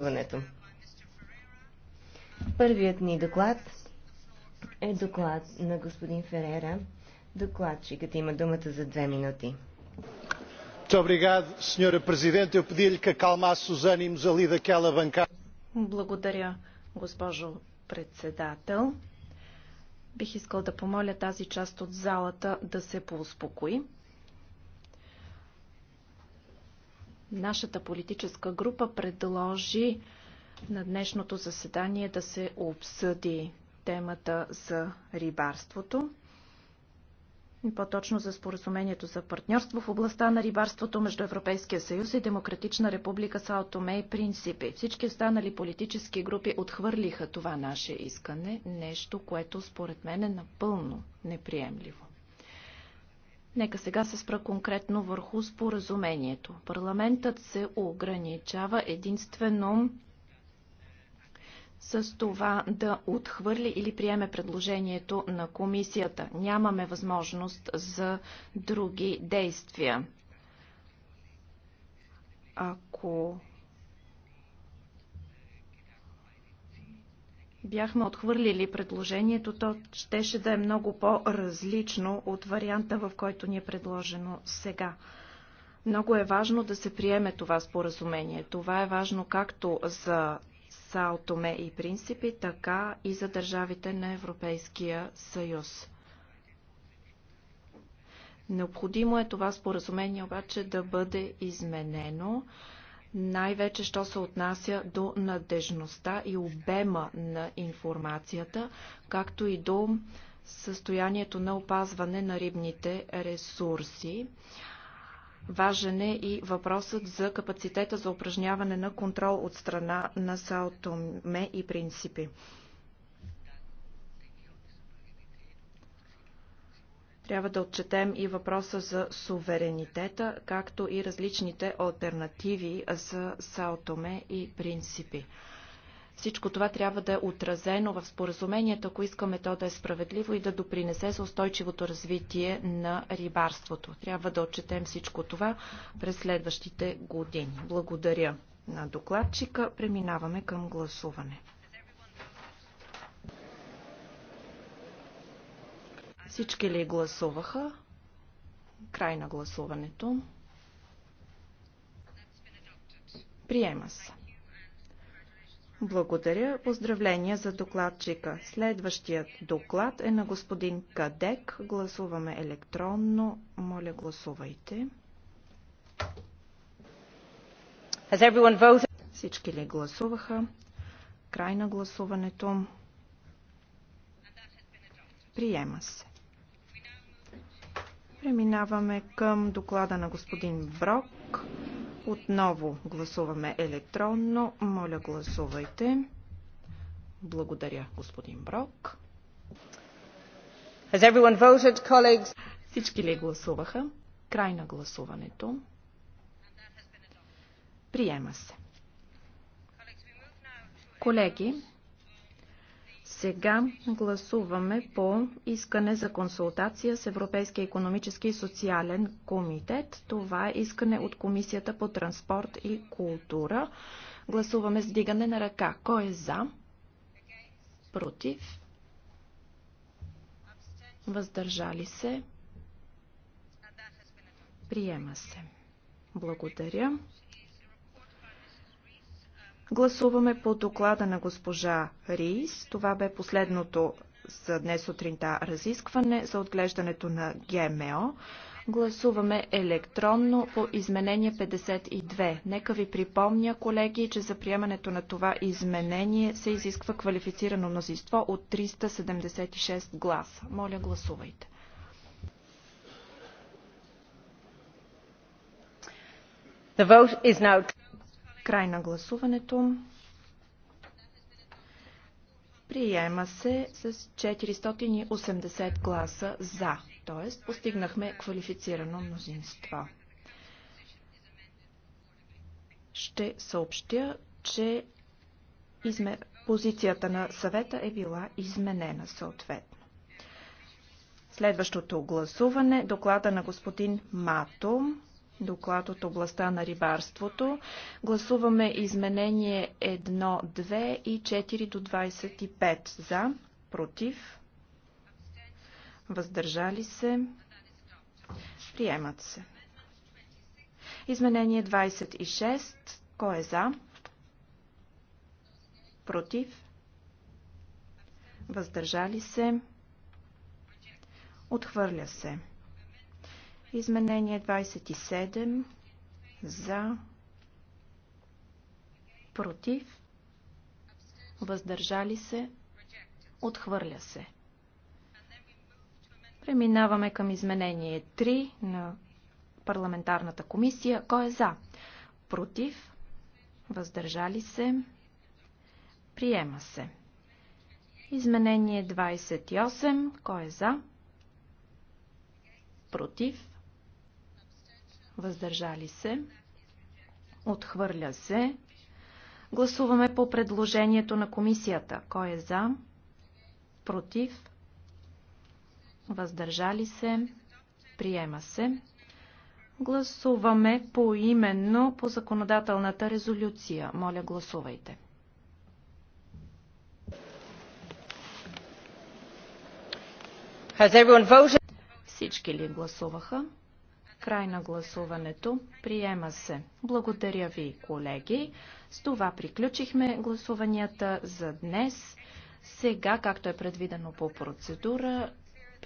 гласуването. Първият ни доклад е доклад на господин Ферера. Докладчикът има думата за две минути. Благодаря, госпожо председател. Бих искал да помоля тази част от залата да се поуспокои. Нашата политическа група предложи на днешното заседание да се обсъди темата за рибарството и по-точно за споразумението за партньорство в областта на рибарството между Европейския съюз и Демократична република Саотоме и Принципи. Всички останали политически групи отхвърлиха това наше искане, нещо, което според мен е напълно неприемливо. Нека сега се спра конкретно върху споразумението. Парламентът се ограничава единствено с това да отхвърли или приеме предложението на комисията. Нямаме възможност за други действия. Ако бяхме отхвърлили предложението, то щеше да е много по-различно от варианта, в който ни е предложено сега. Много е важно да се приеме това споразумение. Това е важно както за Сао и Принципи, така и за държавите на Европейския съюз. Необходимо е това споразумение обаче да бъде изменено най-вече що се отнася до надежността и обема на информацията, както и до състоянието на опазване на рибните ресурси. Важен е и въпросът за капацитета за упражняване на контрол от страна на Сао и принципи. Трябва да отчетем и въпроса за суверенитета, както и различните альтернативи за Саотоме и принципи. Всичко това трябва да е отразено в споразумението, ако искаме то да е справедливо и да допринесе за устойчивото развитие на рибарството. Трябва да отчетем всичко това през следващите години. Благодаря на докладчика. Преминаваме към гласуване. Всички ли гласуваха? Край на гласуването. Приема се. Благодаря. Поздравления за докладчика. Следващият доклад е на господин Кадек. Гласуваме електронно. Моля, гласувайте. Всички ли гласуваха? Край на гласуването. Приема се. Преминаваме към доклада на господин Брок. Отново гласуваме електронно. Моля, гласувайте. Благодаря, господин Брок. Has everyone voted, colleagues? Всички ли гласуваха? Край на гласуването. Приема се. Колеги, сега гласуваме по искане за консултация с Европейския економически и социален комитет. Това е искане от Комисията по транспорт и култура. Гласуваме с дигане на ръка. Кой е за? Против? Въздържали се? Приема се. Благодаря. Гласуваме по доклада на госпожа Рис. Това бе последното за днес сутринта разискване за отглеждането на ГМО. Гласуваме електронно по изменение 52. Нека ви припомня, колеги, че за приемането на това изменение се изисква квалифицирано мнозинство от 376 гласа. Моля, гласувайте. The vote is now... Край на гласуването. Приема се с 480 гласа за, т.е. постигнахме квалифицирано мнозинство. Ще съобщя, че изме... позицията на съвета е била изменена съответно. Следващото гласуване, доклада на господин Мато, доклад от областта на рибарството. Гласуваме изменение 1, 2 и 4 до 25 за, против, въздържали се, приемат се. Изменение 26. Кой е за? Против? Въздържали се? Отхвърля се. Изменение 27 за против въздържали се отхвърля се. Преминаваме към изменение 3 на парламентарната комисия. Кой е за? Против? Въздържали се? Приема се. Изменение 28. Кой е за? Против? въздържали се, отхвърля се. Гласуваме по предложението на комисията. Кой е за? Против? Въздържали се? Приема се. Гласуваме поименно по законодателната резолюция. Моля, гласувайте. Всички ли гласуваха? Край на гласуването. Приема се. Благодаря ви, колеги. С това приключихме гласуванията за днес. Сега, както е предвидено по процедура,